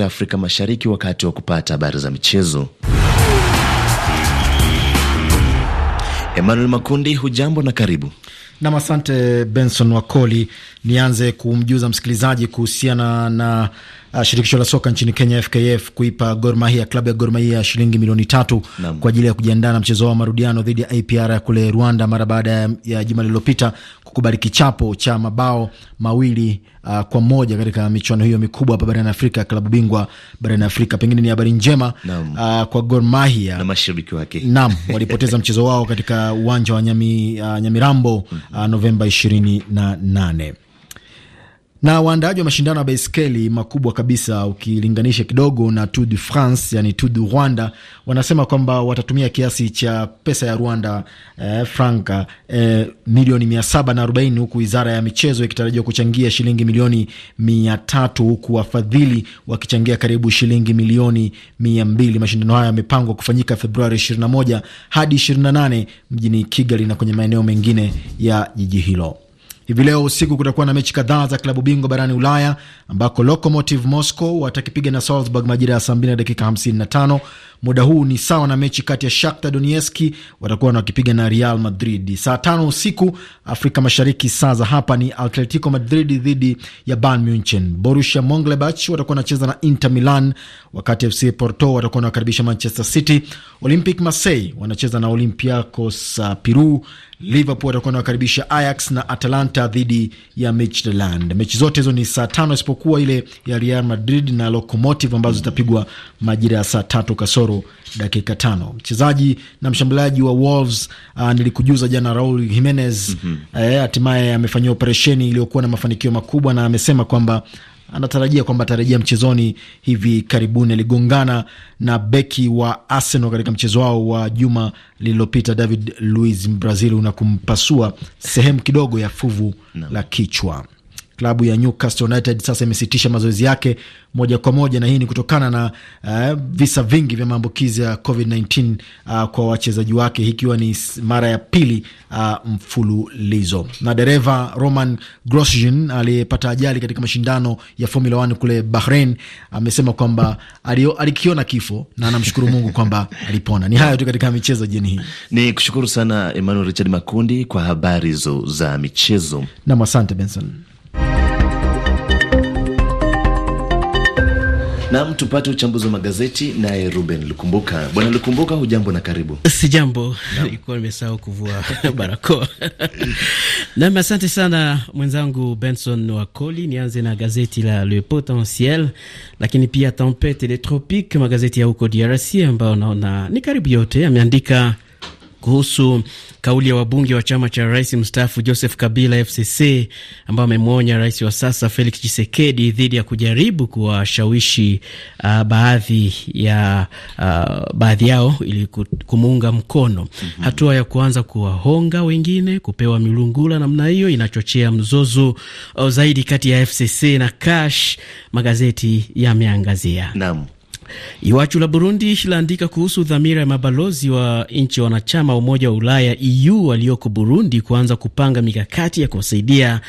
Afrika Mashariki wakati wa kupata habari za michezo. Emmanuel Makundi, hujambo na karibu. Nam, asante Benson Wakoli. Nianze kumjuza msikilizaji kuhusiana na uh, shirikisho la soka nchini Kenya FKF kuipa Gor Mahia, klabu ya Gor Mahia shilingi milioni tatu kwa ajili ya kujiandaa na mchezo wa marudiano dhidi ya APR ya kule Rwanda mara baada ya, ya juma lililopita kukubali kichapo cha mabao mawili uh, kwa moja katika michuano hiyo mikubwa hapa barani Afrika ya klabu bingwa barani Afrika. Pengine ni habari njema uh, kwa Gor Mahia na mashabiki wake. Naam, walipoteza mchezo wao katika uwanja wa Nyami, uh, Nyamirambo uh, Novemba ishirini na nane. Na waandaaji wa mashindano ya baiskeli makubwa kabisa ukilinganisha kidogo na Tour de France, yani Tour du Rwanda, wanasema kwamba watatumia kiasi cha pesa ya Rwanda eh, franka eh, milioni mia saba na arobaini huku wizara ya michezo ikitarajiwa kuchangia shilingi milioni mia tatu huku wafadhili wakichangia karibu shilingi milioni mia mbili. Mashindano haya yamepangwa kufanyika Februari 21 hadi 28 mjini Kigali na kwenye maeneo mengine ya jiji hilo. Hivi leo usiku kutakuwa na mechi kadhaa za klabu bingwa barani Ulaya ambako Lokomotiv Moscow watakipiga na Salzburg majira ya saa mbili na dakika 55. Muda huu ni sawa na mechi kati ya Shakhtar Donetsk watakuwa wakipiga na Real Madrid saa tano usiku Afrika Mashariki. Saa za hapa ni Atletico Madrid dhidi ya Bayern Munchen. Borussia Monchengladbach watakuwa wanacheza na Inter Milan, wakati FC Porto watakuwa wanakaribisha Manchester City. Olympic Marseille wanacheza na Olympiacos uh, Peru. Liverpool watakuwa wanakaribisha Ajax na Atalanta dhidi ya Midtjylland. Mechi zote hizo ni saa tano isipokuwa isipokuwa ile ya Real Madrid na Lokomotiv ambazo zitapigwa majira ya saa tatu kasoro dakika tano. Mchezaji na mshambuliaji wa Wolves uh, nilikujuza jana Raul Jimenez mhm. eh, hatimaye mm -hmm. uh, amefanyiwa operesheni iliyokuwa na mafanikio makubwa na amesema kwamba anatarajia kwamba atarejea mchezoni hivi karibuni. Aligongana na beki wa Arsenal katika mchezo wao wa juma lililopita, David Luiz Brazil, unakumpasua kumpasua sehemu kidogo ya fuvu no. la kichwa klabu ya Newcastle United sasa imesitisha mazoezi yake moja kwa moja, na hii ni kutokana na uh, visa vingi vya maambukizi ya COVID-19 uh, ah, kwa wachezaji wake, ikiwa ni mara ya pili uh, mfululizo. Na dereva Roman Grosjean aliyepata ajali katika mashindano ya Formula 1 kule Bahrain amesema kwamba alikiona kifo na anamshukuru Mungu kwamba alipona. Ni hayo tu katika michezo jioni hii. Ni kushukuru sana Emmanuel Richard Makundi kwa habari hizo za michezo. Nam, asante Benson. Nam, tupate uchambuzi wa magazeti naye Ruben Lukumbuka. Bwana Lukumbuka, hujambo na karibu? Si jambo, ilikuwa nimesahau kuvua barakoa. Nam, asante sana mwenzangu Benson Wakoli. Nianze na gazeti la Le Potentiel, lakini pia Tempete et les Tropiques, magazeti ya huko DRC ambayo naona ni karibu yote ameandika kuhusu kauli ya wabunge wa chama cha rais mstaafu Joseph Kabila FCC ambao amemwonya rais wa sasa Felix Tshisekedi dhidi ya kujaribu kuwashawishi uh, baadhi ya uh, baadhi yao ili kumuunga mkono mm -hmm. Hatua ya kuanza kuwahonga wengine kupewa milungula namna hiyo inachochea mzozo uh, zaidi kati ya FCC na cash magazeti yameangazia. Naam. Iwachu la Burundi laandika kuhusu dhamira ya mabalozi wa nchi wanachama wa Umoja wa Ulaya EU walioko Burundi kuanza kupanga mikakati ya kuwasaidia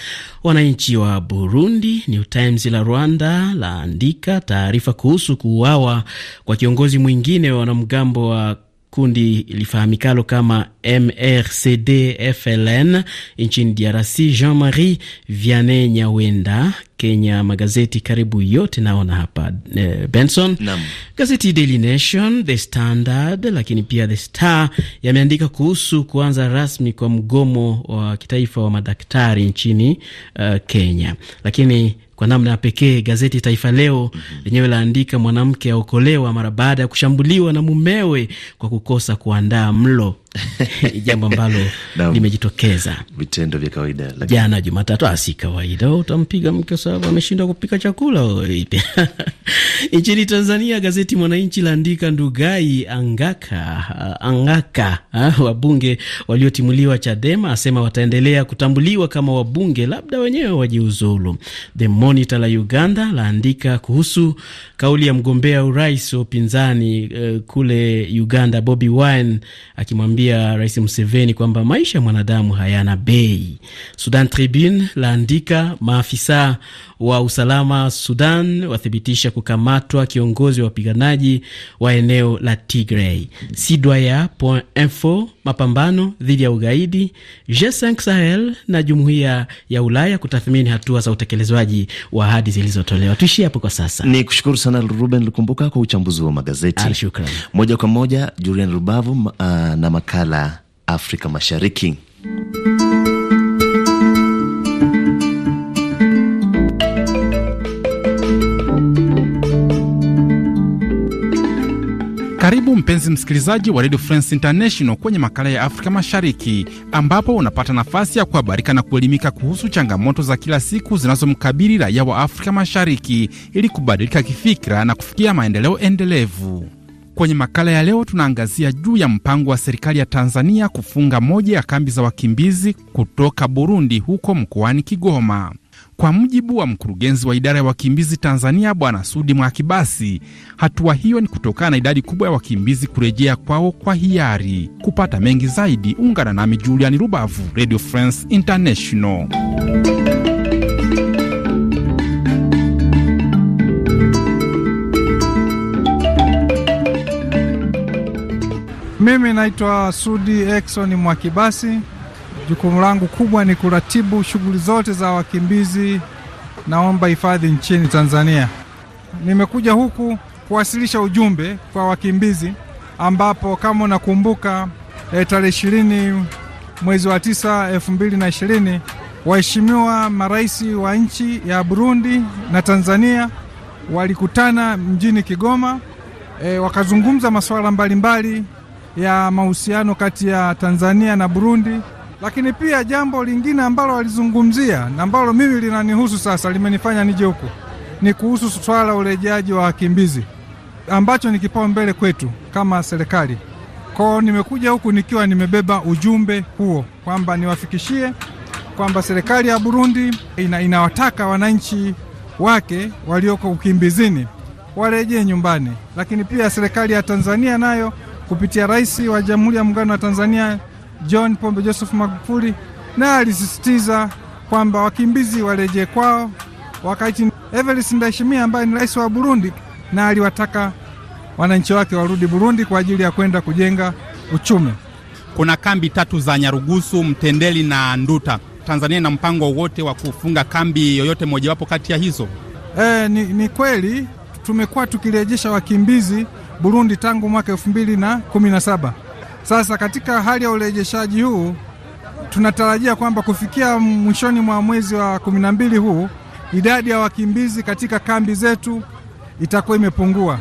wananchi wa Burundi. New Times la Rwanda laandika taarifa kuhusu kuuawa kwa kiongozi mwingine wa wanamgambo wa kundi lifahamikalo kama MRCD FLN nchini DRC. Jean Marie Viane Nyawenda, Kenya. Magazeti karibu yote naona hapa eh, Benson Nam. Gazeti Daily Nation, The Standard lakini pia The Star yameandika kuhusu kuanza rasmi kwa mgomo wa kitaifa wa madaktari nchini uh, Kenya, lakini kwa namna ya pekee gazeti Taifa Leo mhm. lenyewe mm -hmm. laandika mwanamke aokolewa mara baada ya kushambuliwa na mumewe kwa kukosa kuandaa mlo. jambo ambalo limejitokeza vitendo vya kawaida lakini... jana Jumatatu, ah, si kawaida utampiga mke sababu ameshindwa kupika chakula. Nchini Tanzania, gazeti Mwananchi laandika Ndugai angaka, uh, angaka uh, wabunge waliotimuliwa Chadema asema wataendelea kutambuliwa kama wabunge, labda wenyewe wajiuzulu. The Monitor la Uganda laandika kuhusu kauli ya mgombea urais wa upinzani uh, kule Uganda Bobi Wine akimwambia amemwambia Rais Museveni kwamba maisha ya mwanadamu hayana bei. Sudan Tribune laandika maafisa wa usalama Sudan wathibitisha kukamatwa kiongozi wa wapiganaji wa eneo la Tigray. Sidwaya.info mapambano dhidi ya ugaidi, G5 Sahel na jumuiya ya Ulaya kutathmini hatua za utekelezwaji wa ahadi zilizotolewa. Tuishie hapo kwa sasa. Ni kushukuru sana Ruben Lukumbuka kwa uchambuzi wa magazeti. Ah, shukran moja kwa moja Julian Rubavu uh, na makala Afrika Mashariki. Karibu mpenzi msikilizaji wa Radio France International kwenye makala ya Afrika Mashariki, ambapo unapata nafasi ya kuhabarika na kuelimika kuhusu changamoto za kila siku zinazomkabili raia wa Afrika Mashariki ili kubadilika kifikira na kufikia maendeleo endelevu. Kwenye makala ya leo tunaangazia juu ya mpango wa serikali ya Tanzania kufunga moja ya kambi za wakimbizi kutoka Burundi huko mkoani Kigoma. Kwa mujibu wa mkurugenzi wa idara ya wakimbizi Tanzania, Bwana Sudi Mwakibasi, hatua hiyo ni kutokana na idadi kubwa ya wakimbizi kurejea kwao kwa hiari. Kupata mengi zaidi, ungana nami Juliani Rubavu, Radio France International. Mimi naitwa Sudi Exon Mwakibasi. Jukumu langu kubwa ni kuratibu shughuli zote za wakimbizi naomba hifadhi nchini Tanzania. Nimekuja huku kuwasilisha ujumbe kwa wakimbizi, ambapo kama unakumbuka e, tarehe ishirini mwezi wa tisa elfu mbili na ishirini waheshimiwa marais wa nchi ya Burundi na Tanzania walikutana mjini Kigoma, e, wakazungumza masuala mbalimbali ya mahusiano kati ya Tanzania na Burundi. Lakini pia jambo lingine ambalo walizungumzia na ambalo mimi linanihusu sasa, limenifanya nije huku, ni kuhusu swala urejeaji wa wakimbizi ambacho ni kipaumbele kwetu kama serikali. Kwao nimekuja huku nikiwa nimebeba ujumbe huo kwamba niwafikishie kwamba serikali ya Burundi ina, inawataka wananchi wake walioko ukimbizini warejee nyumbani, lakini pia serikali ya Tanzania nayo kupitia Rais wa Jamhuri ya Muungano wa Tanzania John Pombe Joseph Magufuli, na alisisitiza kwamba wakimbizi warejee kwao, wakati Evariste Ndayishimiye ambaye ni rais wa Burundi, na aliwataka wananchi wake warudi Burundi kwa ajili ya kwenda kujenga uchumi. Kuna kambi tatu za Nyarugusu, Mtendeli na Nduta. Tanzania ina mpango wote wa kufunga kambi yoyote mojawapo kati ya hizo? E, ni, ni kweli tumekuwa tukirejesha wakimbizi Burundi tangu mwaka elfu mbili na kumi na saba. Sasa katika hali ya urejeshaji huu tunatarajia kwamba kufikia mwishoni mwa mwezi wa kumi na mbili huu idadi ya wakimbizi katika kambi zetu itakuwa imepungua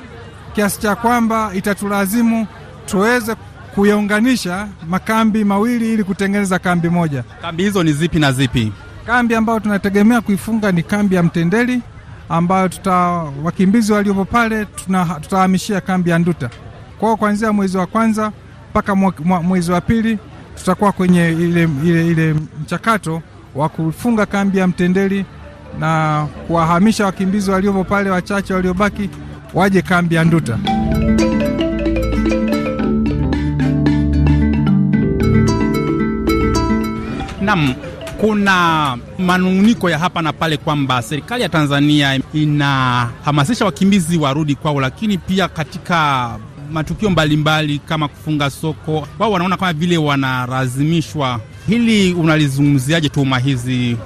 kiasi cha kwamba itatulazimu tuweze kuyaunganisha makambi mawili ili kutengeneza kambi moja. Kambi hizo ni zipi na zipi? Kambi ambayo tunategemea kuifunga ni kambi ya Mtendeli ambayo tuta wakimbizi waliopo pale tutahamishia kambi ya Nduta. Kwa hiyo kuanzia mwezi wa kwanza mpaka mwezi wa pili tutakuwa kwenye ile, ile, ile mchakato wa kufunga kambi ya Mtendeli na kuwahamisha wakimbizi waliopo pale wachache waliobaki waje kambi ya Nduta. Nam kuna manunguniko ya hapa na pale kwamba serikali ya Tanzania inahamasisha wakimbizi warudi kwao, lakini pia katika matukio mbalimbali mbali, kama kufunga soko, wao wanaona kama vile wanalazimishwa. Hili unalizungumziaje tuhuma hizi,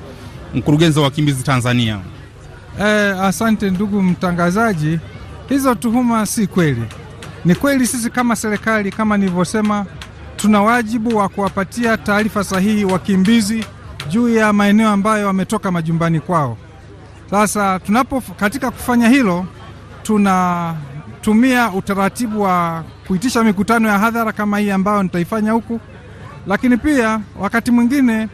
mkurugenzi wa wakimbizi Tanzania? Eh, asante ndugu mtangazaji, hizo tuhuma si kweli. Ni kweli sisi kama serikali, kama nilivyosema, tuna wajibu wa kuwapatia taarifa sahihi wakimbizi juu ya maeneo ambayo wametoka majumbani kwao. Sasa tunapo katika kufanya hilo, tunatumia utaratibu wa kuitisha mikutano ya hadhara kama hii ambayo nitaifanya huku, lakini pia wakati mwingine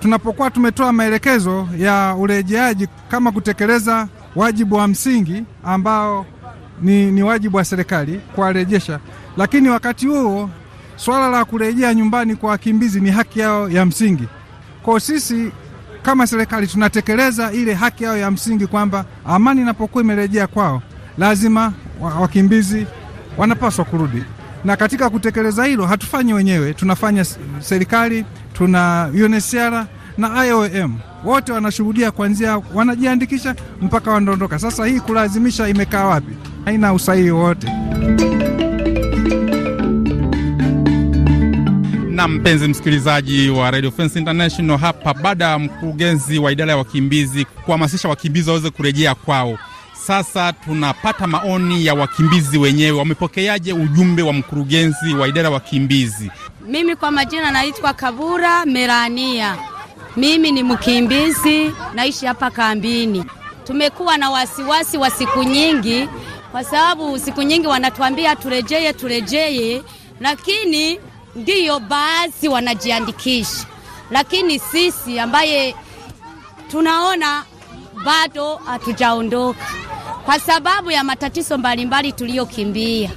tunapokuwa tumetoa maelekezo ya urejeaji kama kutekeleza wajibu wa msingi ambao ni, ni wajibu wa serikali kuwarejesha, lakini wakati huo swala la kurejea nyumbani kwa wakimbizi ni haki yao ya msingi kwa sisi kama serikali tunatekeleza ile haki yao ya msingi kwamba amani inapokuwa imerejea kwao, lazima wakimbizi wanapaswa kurudi. Na katika kutekeleza hilo hatufanyi wenyewe, tunafanya serikali, tuna UNHCR na IOM wote wanashuhudia, kuanzia wanajiandikisha mpaka wanaondoka. Sasa hii kulazimisha imekaa wapi? Haina usahihi wowote. Na mpenzi msikilizaji wa Radio France International, hapa baada ya mkurugenzi wa idara ya wakimbizi kuhamasisha wakimbizi waweze kurejea kwao, sasa tunapata maoni ya wakimbizi wenyewe. Wamepokeaje ujumbe wa mkurugenzi wa idara ya wakimbizi? Mimi kwa majina naitwa Kabura Merania, mimi ni mkimbizi, naishi hapa kambini. Tumekuwa na wasiwasi wa siku nyingi, kwa sababu siku nyingi wanatuambia turejee, turejee, lakini ndiyo baadhi wanajiandikisha, lakini sisi ambaye tunaona bado hatujaondoka kwa sababu ya matatizo mbalimbali tuliyokimbia.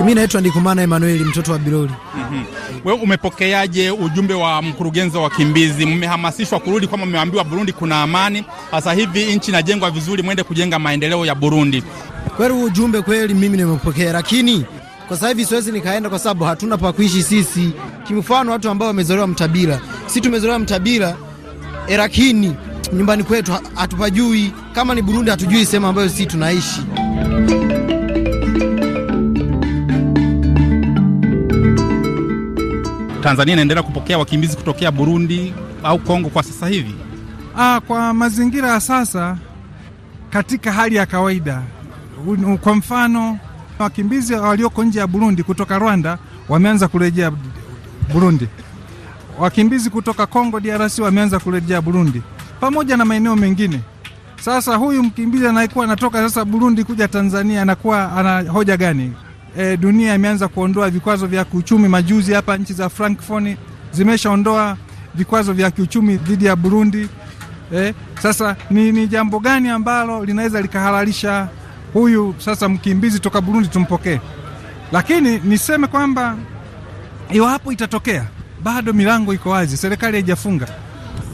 Mimi naitwa Ndikumana Emanueli, mtoto wa biroli mm -hmm. Wewe umepokeaje ujumbe wa mkurugenzi wa wakimbizi? Mmehamasishwa kurudi kwama mmeambiwa Burundi kuna amani, sasa hivi nchi inajengwa vizuri, mwende kujenga maendeleo ya Burundi? Kweli ujumbe kweli mimi nimepokea, lakini kwa sasa hivi siwezi nikaenda kwa sababu hatuna pa kuishi sisi. Kimfano, watu ambao wamezolewa Mtabila, si tumezolewa Mtabila Erakini, nyumbani kwetu hatupajui. Kama ni Burundi, hatujui sehemu ambayo sisi tunaishi. Tanzania inaendelea kupokea wakimbizi kutokea Burundi au Kongo kwa sasa hivi? Aa, ah, kwa mazingira ya sasa katika hali ya kawaida, kwa mfano Wakimbizi walioko nje ya Burundi kutoka Rwanda wameanza kurejea Burundi. Wakimbizi kutoka congo DRC wameanza kurejea Burundi pamoja na maeneo mengine. Sasa huyu mkimbizi anayekuwa anatoka sasa Burundi kuja Tanzania anakuwa ana hoja gani? E, dunia imeanza kuondoa vikwazo vya kiuchumi majuzi hapa, nchi za Frankfoni zimeshaondoa vikwazo vya kiuchumi dhidi ya Burundi. E, sasa ni, ni jambo gani ambalo linaweza likahalalisha huyu sasa mkimbizi toka Burundi tumpokee. Lakini niseme kwamba iwapo itatokea, bado milango iko wazi, serikali haijafunga.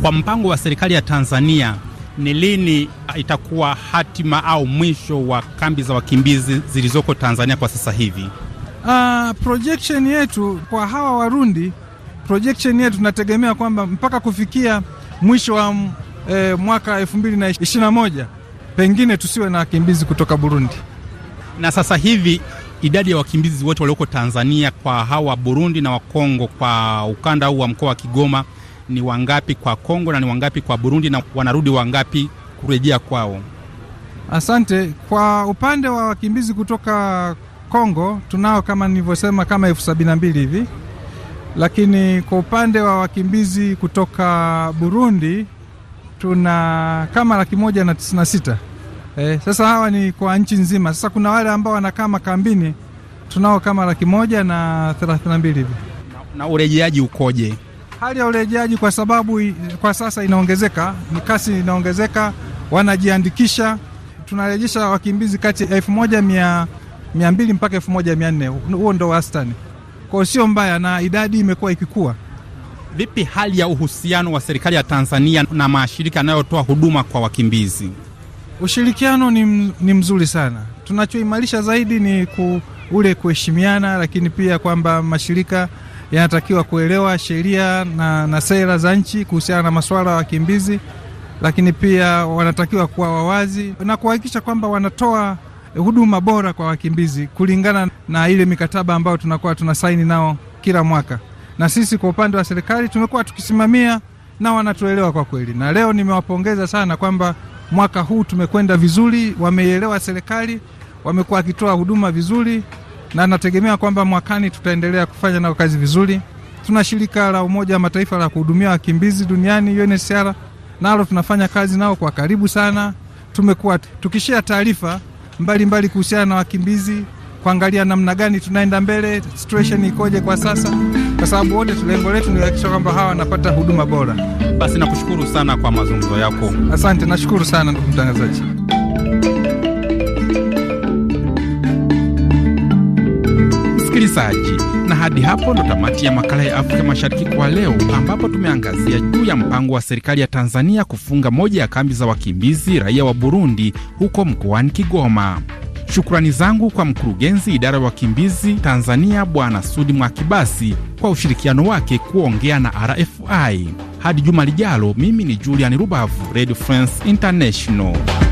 Kwa mpango wa serikali ya Tanzania, ni lini itakuwa hatima au mwisho wa kambi za wakimbizi zilizoko Tanzania kwa sasa hivi? Uh, projection yetu kwa hawa Warundi, projection yetu tunategemea kwamba mpaka kufikia mwisho wa eh, mwaka 2021 pengine tusiwe na wakimbizi kutoka Burundi. Na sasa hivi idadi ya wakimbizi wote walioko Tanzania kwa hawa Burundi na Wakongo kwa ukanda huu wa mkoa wa Kigoma ni wangapi kwa Kongo na ni wangapi kwa Burundi na wanarudi wangapi kurejea kwao? Asante. Kwa upande wa wakimbizi kutoka Kongo tunao kama nilivyosema, kama elfu sabini na mbili hivi, lakini kwa upande wa wakimbizi kutoka Burundi tuna kama laki moja na tisini na sita. Eh, sasa hawa ni kwa nchi nzima. Sasa kuna wale ambao wanakaa makambini tunao kama laki moja na thelathini na mbili hivi. Na, urejeaji ukoje? Hali ya urejeaji kwa sababu kwa sasa inaongezeka, ni kasi inaongezeka, wanajiandikisha. Tunarejesha wakimbizi kati ya elfu moja mia mia mbili mpaka elfu moja mia nne huo ndo wastani kwao, sio mbaya, na idadi imekuwa ikikua. Vipi hali ya uhusiano wa serikali ya Tanzania na mashirika yanayotoa huduma kwa wakimbizi? Ushirikiano ni, ni mzuri sana. Tunachoimarisha zaidi ni ku, ule kuheshimiana, lakini pia kwamba mashirika yanatakiwa kuelewa sheria na, na sera za nchi kuhusiana na masuala ya wakimbizi, lakini pia wanatakiwa kuwa wawazi na kuhakikisha kwamba wanatoa huduma bora kwa wakimbizi kulingana na ile mikataba ambayo tunakuwa tunasaini nao kila mwaka na sisi kwa upande wa serikali tumekuwa tukisimamia na wanatuelewa kwa kweli, na leo nimewapongeza sana kwamba mwaka huu tumekwenda vizuri, wameielewa serikali, wamekuwa wakitoa huduma vizuri, na nategemea kwamba mwakani tutaendelea kufanya nao kazi vizuri. Tuna shirika la Umoja wa Mataifa la kuhudumia wakimbizi duniani UNHCR, nalo tunafanya kazi nao kwa karibu sana. Tumekuwa tukishia taarifa mbalimbali kuhusiana na wakimbizi, kuangalia namna gani tunaenda mbele, situation ikoje kwa sasa sababu wote lengo letu ni kuhakikisha kwamba hawa wanapata huduma bora. Basi nakushukuru sana kwa mazungumzo yako. Asante, nashukuru sana ndugu mtangazaji. Msikilizaji, na hadi hapo ndo tamati ya makala ya Afrika Mashariki kwa leo, ambapo tumeangazia juu ya mpango wa serikali ya Tanzania kufunga moja ya kambi za wakimbizi raia wa Burundi huko mkoani Kigoma. Shukrani zangu kwa mkurugenzi idara ya wakimbizi Tanzania Bwana Sudi Mwakibasi kwa ushirikiano wake kuongea na RFI. Hadi juma lijalo, mimi ni Julian Rubavu, Radio France International.